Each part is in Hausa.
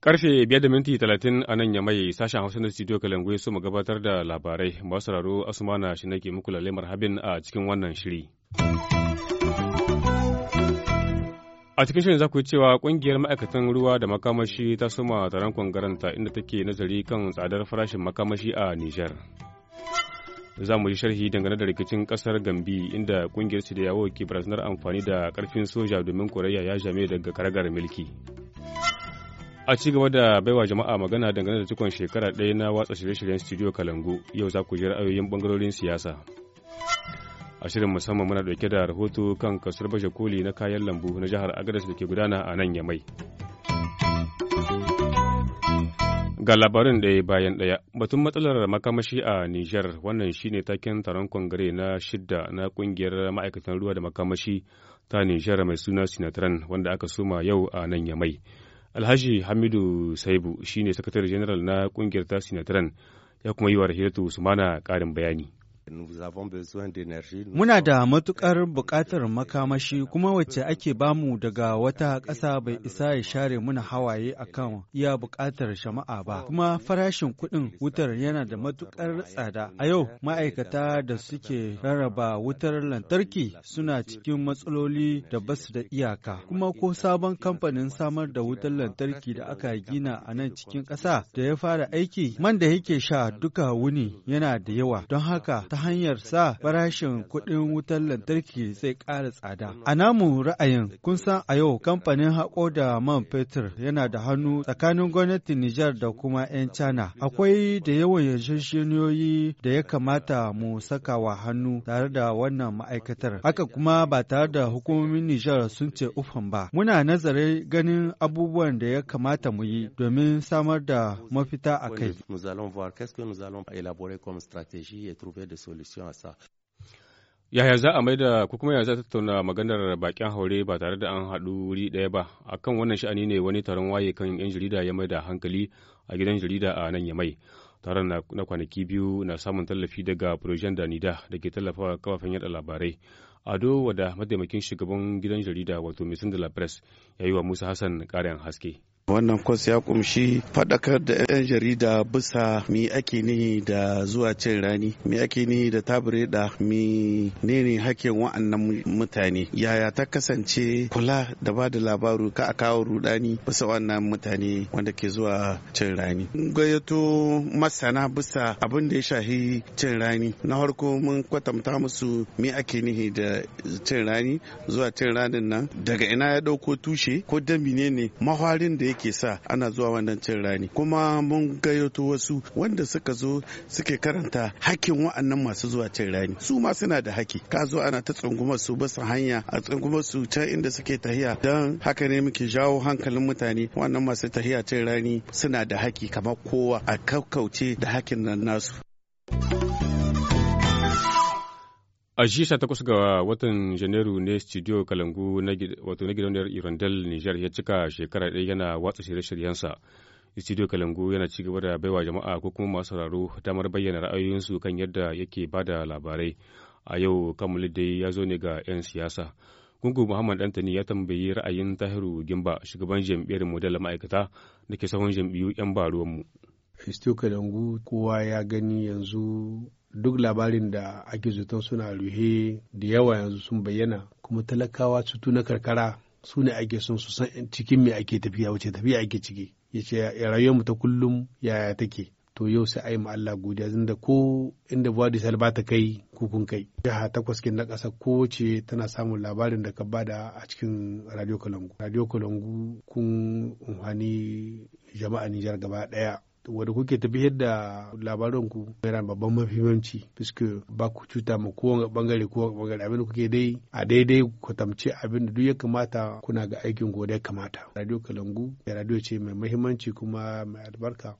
Karfe biyar da minti talatin a nan ya mai sashen Hausa na studio Kalangwe su mu gabatar da labarai. Masu raro Asumana shi nake muku lalle marhabin a cikin wannan shiri. A cikin shirin za ku yi cewa kungiyar ma'aikatan ruwa da makamashi ta suma taron kwangaranta inda take nazari kan tsadar farashin makamashi a Nijar. Za mu yi sharhi dangane da rikicin kasar Gambi inda kungiyar su da yawo ke barazanar amfani da karfin soja domin Koriya ya jame daga karagar milki. A ci gaba da baiwa jama'a magana dangane da cikon shekara ɗaya na watsa shirye-shiryen studio Kalangu yau za ku ji ra'ayoyin bangarorin siyasa. a shirin musamman muna dauke da rahoto kan kasuwar bashe koli na kayan lambu na jihar agadas da ke gudana a nan yamai ga labarin ɗaya bayan daya batun matsalar makamashi a niger wannan shine taken taron kongare na shidda na kungiyar ma'aikatan ruwa da makamashi ta niger mai suna sinatran wanda aka suma yau a nan yamai alhaji hamidu saibu shine sakatare general na kungiyar ta sinatran ya kuma yi wa rahilatu usmana karin bayani Muna da matuƙar buƙatar makamashi kuma wacce ake bamu daga wata ƙasa bai isa ya share muna hawaye akan iya buƙatar shama'a ba. Kuma farashin kuɗin wutar yana da matuƙar tsada. A yau ma'aikata da suke rarraba wutar lantarki suna cikin matsaloli da ba su da iyaka. Kuma ko sabon kamfanin samar da wutar lantarki da aka gina a nan cikin ƙasa da ya fara aiki man da yake sha duka wuni yana da yawa. Don haka ta hanyar sa farashin kuɗin wutar lantarki zai ƙara tsada. A namu ra'ayin kun san a yau kamfanin haƙo da man fetur yana da hannu tsakanin gwamnatin Nijar da kuma 'yan Cana. Akwai da yawan yanshashiniyoyi da ya kamata mu saka wa hannu tare da wannan ma'aikatar. Haka kuma ba tare da hukumomin Nijar sun ce ufan ba. Muna nazari ganin abubuwan da ya kamata mu yi domin samar da mafita a kai. Nous solution a sa yaya za a maida ko kuma yaya za ta tattauna maganar bakin haure ba tare da an haɗu wuri ɗaya ba akan wannan sha'ani ne wani taron waye kan yan jarida ya maida hankali a gidan jarida a nan ya mai taron na kwanaki biyu na samun tallafi daga projen danida da ke tallafawa kafafen yada labarai ado wada mataimakin shugaban gidan jarida wato misin de la presse ya yi wa musa hassan ƙarin haske wannan kwas ya kumshi faɗakar da 'yan jarida bisa mi ake nihi da zuwa cin rani mi ake nihi da tabire da mi ne ne hakkin wa'annan mutane yaya ta kasance kula da ba da labaru ka a kawo rudani bisa wannan mutane wanda ke zuwa cin rani gayyato masana bisa abin da ya shahi cin rani na farko mun kwatanta musu mi ake nihi da cin rani zuwa cin ranin nan daga ina ya ɗauko tushe ko dami ne ne mahwarin da yake ke sa ana zuwa wannan cin rani kuma mun gayyato wasu wanda suka zo suke karanta hakkin wa'annan masu zuwa cin rani su ma suna da haki ka zo ana ta tsungumar su basu hanya a tsungumar su can inda suke tahiya dan haka ne muke jawo hankalin mutane wannan masu tahiya cin rani suna da haki kamar kowa a kaukauce da hakin nan nasu A jiya takwas ga watan Janairu ne studio Kalangu wato na gidauniyar Irondel Nijar ya cika shekara ɗaya yana watsa shirye-shiryensa. Studio Kalangu yana ci gaba da baiwa jama'a ko kuma masu sauraro damar bayyana ra'ayoyinsu kan yadda yake ba da labarai. A yau kammali dai ya zo ne ga 'yan siyasa. Gungu Muhammad Dantani ya tambayi ra'ayin Tahiru Gimba shugaban jam'iyyar model ma'aikata da ke sahun jam'iyyu 'yan baruwanmu. studio Kalangu kowa ya gani yanzu duk labarin da ake zaton suna ruhe da yawa yanzu sun bayyana kuma talakawa cutu na karkara su ne ake son su san cikin me ake tafiya wace tafiya ake ciki ya ce mu ta kullum yaya take to yau sai a yi ma Allah godiya zan da ko inda da Salba ta kai kukun kai jiha takwas kin na ƙasa ce tana samun labarin da ka bada a cikin Radio Kalangu Radio Kalangu kun umhani jama'a Nijar gaba ɗaya wadda kuke tafiyar da labarin ku yana babban mafimanci fiske ba ku cuta ma kowane bangare kowane bangare abin da kuke dai a daidai ku tamce abin da duk ya kamata kuna ga aikin ku da ya kamata radio kalangu ya radio ce mai mahimmanci kuma mai albarka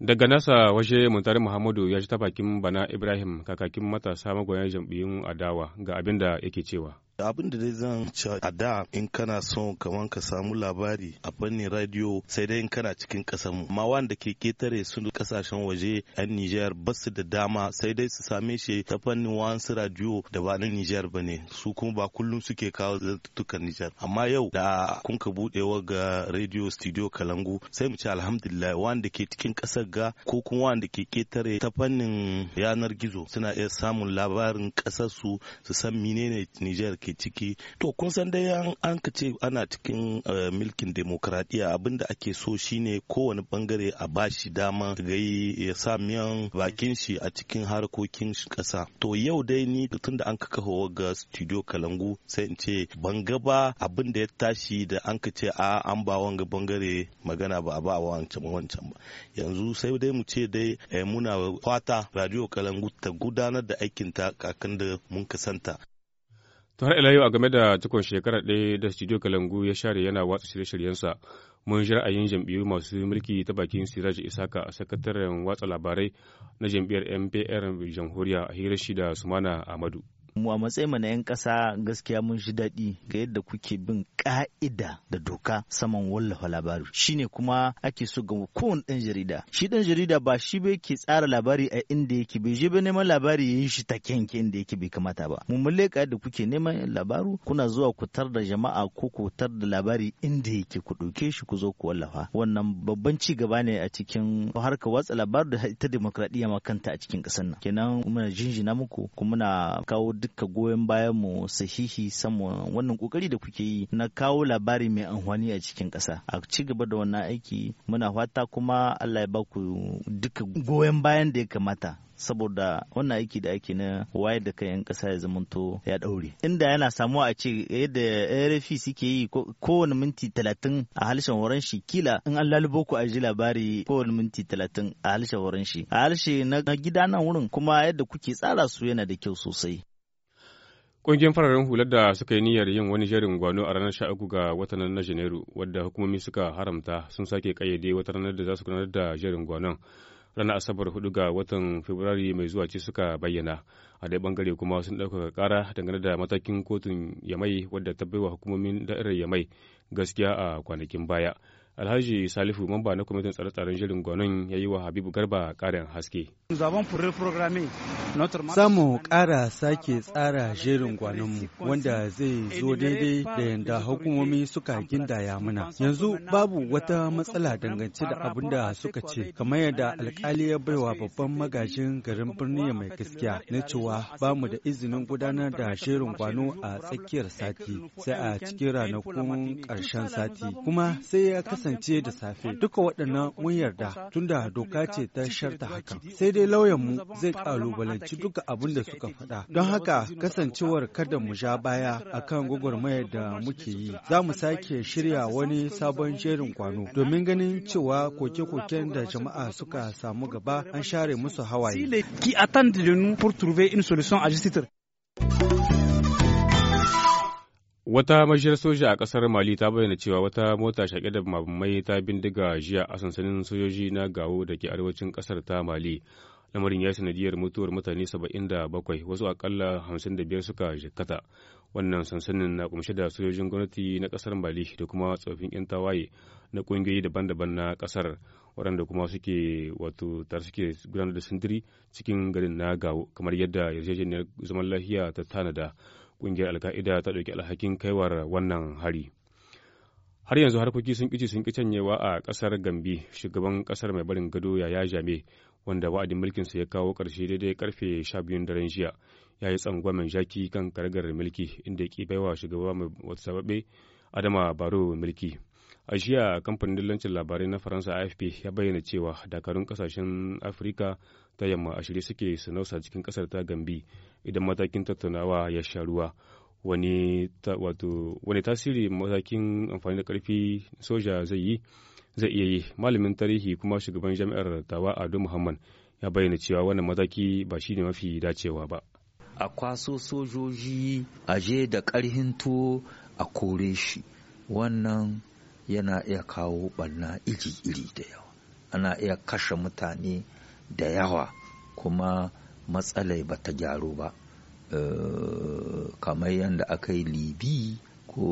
daga nasa waje muntari muhammadu ya ci ta bakin bana ibrahim kakakin matasa magoyan jam'iyyun adawa ga abin da yake cewa abin da dai zan ce a da in kana son kamar ka samu labari a fannin radio sai dai in kana cikin kasa mu amma wanda ke ketare sun kasashen waje yan Nijar ba su da dama sai dai su same shi ta fannin wasu radio da ba na Nijar ba ne su kuma ba kullum suke kawo zartukan Nijar amma yau da kun ka wa ga radio studio Kalangu sai mu ci alhamdulillah wanda ke cikin ƙasar ga ko kuma wanda ke ketare ta fannin yanar gizo suna iya samun labarin kasar su su san menene Nijar ake ciki to kun san dai an ka ce ana cikin eh, milkin demokradiyya abinda ake so shine kowane bangare a bashi dama gai ya sa miyan bakin shi a cikin harkokin kasa to yau dai ni tun da an ka kawo ga studio kalangu sai in ce ban ga abin da ya tashi da an ka ce a an ba wanga bangare magana ba a ba wancan wancan ba yanzu sai dai mu ce dai eh, muna fata radio kalangu ta gudanar da aikin ta kakan da mun kasanta ta har ilayu a game da cikon shekara ɗaya da studio kalangu ya share yana watsa shirye-shiryensa mun ji ra'ayin jam'iyyu masu mulki ta bakin siraj isaka a sakataren watsa labarai na jam'iyyar mpr jamhuriya a hirar shi da sumana amadu mu a matsayin na 'yan ƙasa gaskiya mun ji daɗi ga yadda kuke bin ƙa'ida da doka saman wallafa labari shine kuma ake so ga kowane ɗan jarida shi ɗan jarida ba shi bai ke tsara labari a inda yake bai je ba neman labari ya yi shi ta kyanke inda yake bai kamata ba mun leƙa yadda kuke neman labaru kuna zuwa ku tar da jama'a ko ku tar da labari inda yake ku ɗauke shi ku zo ku wallafa wannan babban ci gaba ne a cikin harkar watsa labaru da ita demokradiyya ma kanta a cikin ƙasar nan kenan muna jinjina muku kuma muna kawo duka goyon bayan mu sahihi saman wannan kokari da kuke yi na kawo labari mai anhwani a cikin kasa a ci gaba da wannan aiki muna fata kuma Allah ya baku duka goyon bayan da ya kamata saboda wannan aiki da ake na wayar da kayan kasa ya zamanto ya daure inda yana samuwa a ce yadda rfi suke yi kowane minti talatin a harshen horon shi kila in an lalubo ku a ji labari kowane minti talatin a halshen horon shi a harshe na gida nan wurin kuma yadda kuke tsara su yana da kyau sosai Ƙungiyar fararen hular da suka yi niyyar yin wani jerin gwano a ranar 13 ga watan na Janairu wadda hukumomi suka haramta sun sake kayyade wata ranar da za su gudanar da jerin gwanon. Ranar Asabar 4 ga watan Fabrairu mai zuwa ce suka bayyana. A dai bangare kuma sun ɗaukaka ƙara dangane da matakin kotun Yamai wadda ta baiwa hukumomin da'irar Yamai gaskiya a kwanakin baya. Alhaji Salifu mamba na kwamitin tsare-tsaren shirin gwanon ya yi wa Habibu Garba ƙarin haske. Samu ƙara sake tsara jerin gwanonmu wanda zai zo daidai da yadda hukumomi suka gindaya mana, Yanzu babu wata matsala dangance da abin da suka ce, kamar yadda alkali ya baiwa babban magajin garin birni mai gaskiya na cewa ba mu da izinin gudanar da jerin gwano a tsakiyar sati sai a cikin ranakun ƙarshen sati. Kuma sai ya kasance kasance da safe duka waɗannan mun yarda tunda doka ce ta sharta hakan sai dai lauyanmu zai kalubalanci duka abin da suka faɗa don haka kasancewar kada mu ja baya akan gwagwarmayar da muke yi za mu sake shirya wani sabon jerin kwano domin ganin cewa koke-koken da jama'a suka samu gaba an share musu hawaye. ki Wata majiyar soja a kasar Mali ta bayyana cewa wata mota shaƙe da mabumai ta bindiga jiya a sansanin sojoji na gawo da ke arewacin kasar ta Mali. Lamarin ya sanadiyar mutuwar mutane saba'in da wasu akalla hamsin da biyar suka jikkata. Wannan sansanin na kumshe da sojojin gwamnati na kasar Mali da kuma tsofin 'yan tawaye na ƙungiyoyi daban-daban na kasar waɗanda kuma suke wato tare suke gudanar da sindiri cikin garin na gawo kamar yadda yarjejeniyar zaman lafiya ta tanada. kungiyar alka'ida ta ɗauki alhakin kaiwar wannan hari har yanzu harkoki sun kici sun ƙi canyewa a ƙasar gambi shugaban ƙasar mai barin gado ya jame wanda wa'adin mulkinsa ya kawo ƙarshe daidai karfe sha biyun daren jiya ya yi tsangwamen jaki kan karagar mulki inda ya ƙi baiwa shugaba mai sababbe adama baro mulki a jiya kamfanin dillancin labarai na faransa afp ya bayyana cewa dakarun kasashen afirka ta yamma a shirye suke sanausa cikin kasar ta gambi idan matakin tattaunawa ya sha ruwa wani tasiri matakin amfani da karfi soja zai yi zai iya yi malamin tarihi kuma shugaban jami'ar tawa ado muhammad ya bayyana cewa wannan mataki ba shi ne mafi dacewa ba a kwaso sojoji aje da karhin tuwo a kore shi wannan yana iya kawo ɓanna iri-iri da yawa ana iya kashe mutane da yawa kuma matsalai ba ta gyaru ba eh, kamar yadda aka yi libi ko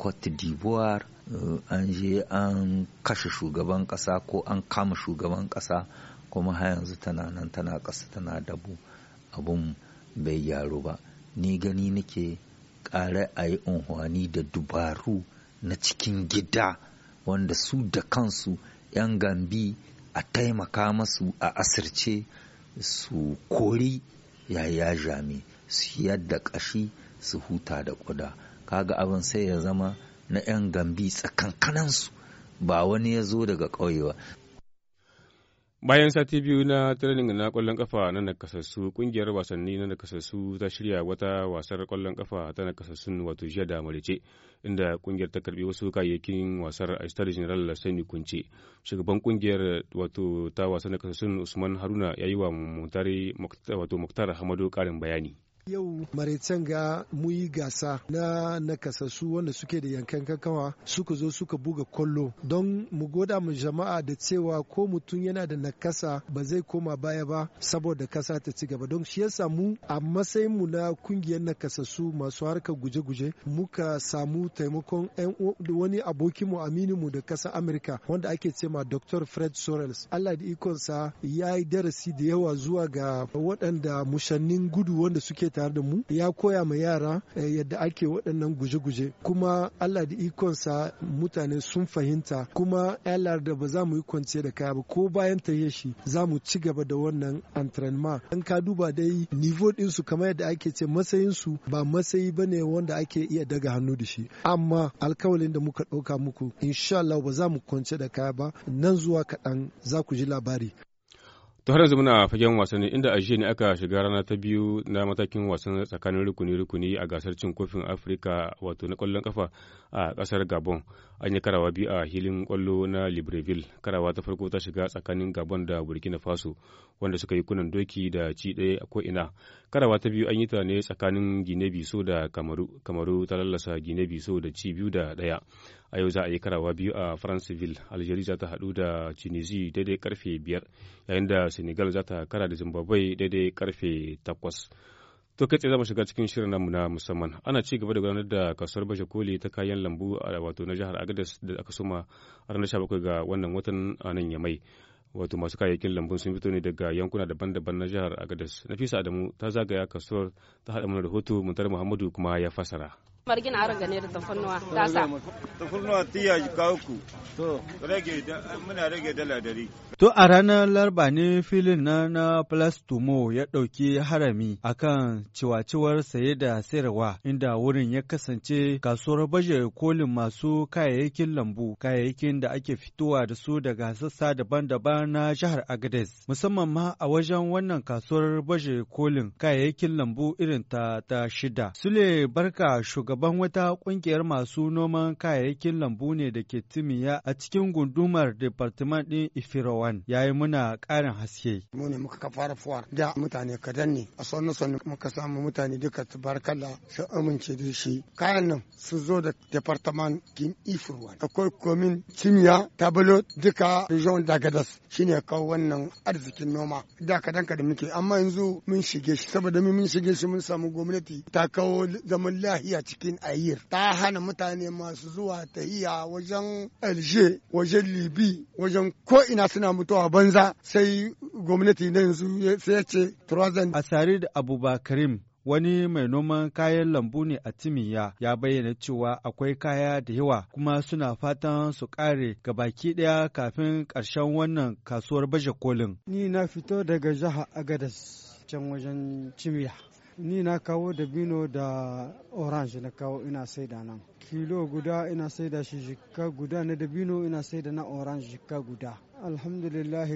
cote d'ivoire eh, an je an kashe shugaban ƙasa ko an kama shugaban ƙasa kuma har yanzu tana nan tana ƙasa tana dabu abun bai gyaru ba ni gani nake ƙare a yi unhwani da dubaru na cikin gida wanda su da kansu 'yan gambi a taimaka masu a asirce su kori yaya jami su yadda kashi, su huta da ƙuda kaga abin sai ya zama na 'yan gambi tsakankanansu ba wani ya zo daga ƙauye ba Bayan sati biyu na training na kwallon kafa na nakasassu, kungiyar wasanni na nakasassu ta shirya wata wasar kwallon kafa ta nakasassun wato jiya da malice, inda kungiyar ta karbi wasu kayayyakin wasar a Star General Sani Kunce. Shugaban kungiyar wato ta wasan nakasassun Usman Haruna ya yi wa wato Muktar Hamadu karin bayani. Yau maraitan ga muyi gasa na nakasassu wanda suke da yankan kakawa suka zo suka buga kwallo don mu goda mu jama'a da cewa ko mutum yana da nakasa ba zai koma baya ba saboda kasa ta ci gaba don shi yasa mu a matsayin mu na kungiyar nakasassu masu harkar guje-guje muka samu taimakon wani mu abokinmu mu da kasa Amurka wanda ake cema Dr. Fred Sorels. Allah da ikonsa ya yi darasi da yawa zuwa ga waɗanda mushannin gudu wanda suke tare da mu ya koya ma yara eh, yadda ake waɗannan guje-guje kuma Allah da ikonsa mutane sun fahimta kuma yalar da ba za mu yi kwanciya da kaya ba ko bayan ta shi za mu ci gaba da wannan antrenma an ka duba dai nivo ɗinsu kamar yadda ake ce matsayinsu ba matsayi ba ne wanda ake iya daga hannu da shi amma alkawalin da muka ɗauka muku insha Allah ba za mu kwance da kaya ba nan zuwa kaɗan za ku ji labari ta har yanzu muna fagen wasanni inda a ne aka shiga rana ta biyu na matakin wasan tsakanin rukuni-rukuni a gasar cin kofin afirka wato na kwallon kafa a kasar gabon an yi karawa biyu a hilin kwallo na libreville karawa ta farko ta shiga tsakanin gabon da burkina faso wanda suka yi kunan doki da ci daya a ko'ina karawa ta biyu an yi ta ne tsakanin gine biso da kamaru kamaru ta lallasa gine biso da ci biyu da daya. a yau za a yi karawa biyu a Franceville Algeria za ta haɗu da Tunisia daidai karfe biyar yayin da Senegal za ta kara da Zimbabwe daidai karfe takwas. To kai tsaye za mu shiga cikin shirin namu na musamman. Ana ci gaba da gudanar da kasuwar baje koli ta kayan lambu a wato na jihar Agadez da aka soma a ranar 17 ga wannan watan a nan Yamai. Wato masu kayayyakin lambun sun fito ne daga yankuna daban-daban na jihar Agadez. Nafisa Adamu ta zagaya kasuwar ta haɗa mana rahoto Muntar Muhammadu kuma ya fasara. margin a rangane da tiya kawo to rage muna rage dala dari to a ranar larba ne filin na na plastumo ya ɗauki harami a kan ciwaciwar saye da sayarwa inda wurin ya kasance kasuwar baje kolin masu kayayyakin lambu kayayyakin da ake fitowa da su daga sassa daban-daban na jihar agades musamman ma a wajen wannan kasuwar baje kolin kayayyakin lambu irin ta ta shida sule barka shugaban shugaban wata ƙungiyar masu noman kayayyakin lambu ne da ke timiya a cikin gundumar Departement din Ifirawan ya yi muna ƙarin haske. Mu ne muka ka fara fuwar da mutane kadan ne a sannu sannu muka samu mutane duka tabarkalla su amince da shi. Kayan nan su zo da Departement din Ifirawan. Akwai komin timiya tabalo duka da Dagadas shine kawo wannan arzikin noma. Da kadan kadan muke amma yanzu mun shige shi saboda mun shige shi mun samu gwamnati ta kawo zaman lahiya cikin a yi ta hana mutane masu zuwa ta iya wajen alje wajen libi wajen ko'ina suna mutuwa banza sai gwamnati na yanzu sai ya ce a tare da abubakarim wani mai noman kayan lambu ne a timiya ya bayyana cewa akwai kaya da yawa kuma suna fatan su kare baki ɗaya kafin karshen wannan kasuwar baje kolin. Ni na fito daga jihar Agadas can wajen Cimiya. ni na kawo dabino da orange na kawo ina saida nan kilo guda ina saida shi guda na dabino ina saida na orange shika guda alhamdulillah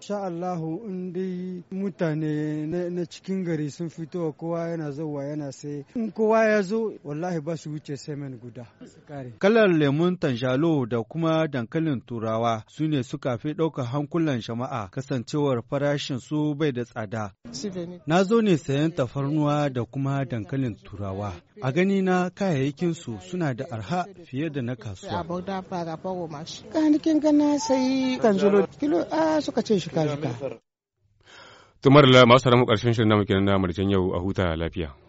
sha Allahu in dai mutane na cikin gari sun fito kowa yana zuwa yana sai in kowa ya zo wallahi ba su wuce semen guda kalar lemun tanjalo da kuma dankalin turawa su ne suka fi ɗauka hankulan jama'a kasancewar farashin su bai da tsada na zo ne sayan tafarnuwa da kuma dankalin turawa a gani na kayayyakin su suna da arha fiye da na kasuwa angelo kilo a suka ce shika shika tumar la masu ramu karshen shirin namu kenan na marjan yau a huta lafiya